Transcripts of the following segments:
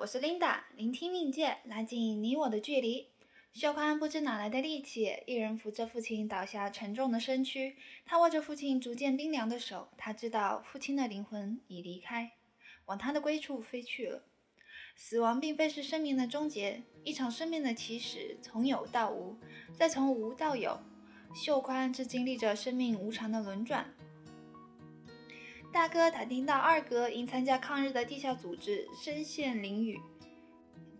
我是琳達，聆聽命界，拉近你我的距離。秀寬不知哪來的力氣，一人扶着父親倒下沉重的身軀。他握着父親逐漸冰涼的手，他知道父親的靈魂已離開，往他的歸處飛去了。死亡並非是生命的終結，一場生命的起始，從有到無，再從無到有。秀寬正經歷着生命無常的輪轉。大哥打聽到二哥因參加抗日的地下組織，身陷囹圄。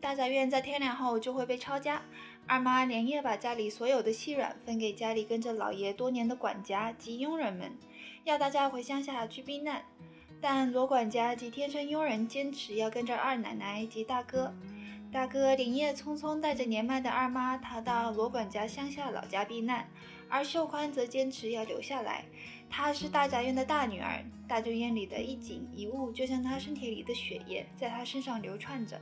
大宅院在天亮後就會被抄家。二媽連夜把家裡所有的細軟分給家裡跟着老爺多年的管家及傭人們，要大家回鄉下去避難。但羅管家及貼身傭人堅持要跟着二奶奶及大哥。大哥連夜匆匆帶着年邁的二媽逃到羅管家鄉下老家避難，而秀寬則堅持要留下來。她是大宅院的大女兒，大宅院裡的一景一物就像她身體裡的血液，在她身上流竄着。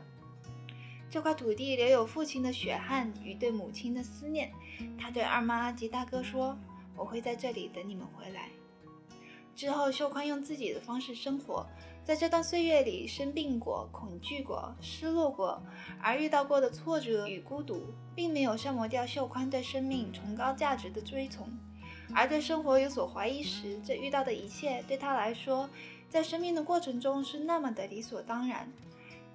這塊土地留有父親的血汗與對母親的思念，他對二媽及大哥說：“我會在這裡等你們回來。”之後，秀寬用自己的方式生活。在這段歲月裡，生病過，恐懼過，失落過，而遇到過的挫折與孤獨，並沒有消磨掉秀寬對生命崇高價值的追崇。而對生活有所懷疑時，這遇到的一切對他來說，在生命的過程中是那麼的理所當然。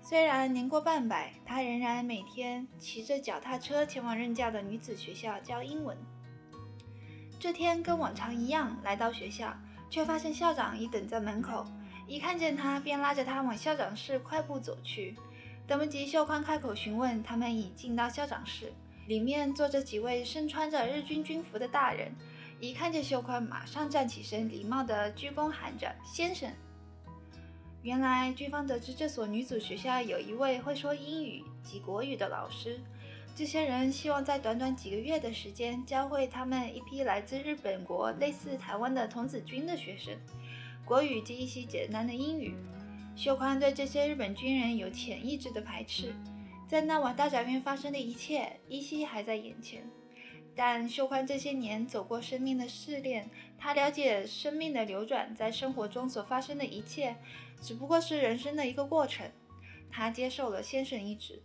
雖然年過半百，他仍然每天騎着腳踏車前往任教的女子學校教英文。這天跟往常一樣來到學校，卻發現校長已等在門口。一看見他，便拉着他往校長室快步走去。等不及秀寬開口詢問，他們已進到校長室，裡面坐着幾位身穿着日軍軍服的大人。一看見秀寬，馬上站起身，禮貌地鞠躬，喊着：“先生。”原來軍方得知這所女子學校有一位會說英語及國語的老師，這些人希望在短短幾個月的時間教會他們一批來自日本國類似台灣的童子軍的學生。國語及一些簡單的英語。秀寬對這些日本軍人有潛意識的排斥。在那晚大宅院發生的一切依稀還在眼前，但秀寬這些年走過生命的試煉，他了解生命的流轉，在生活中所發生的一切只不過是人生的一個過程。他接受了先生一職。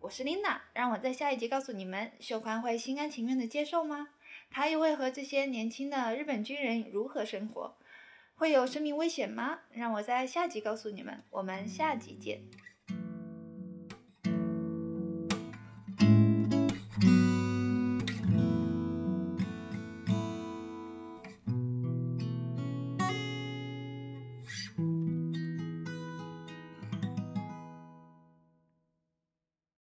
我是 Linda，讓我在下一集告訴你們，秀寬會心甘情願的接受嗎？他又會和這些年輕的日本軍人如何生活？會有生命危險嗎？讓我在下集告訴你們。我們下集見。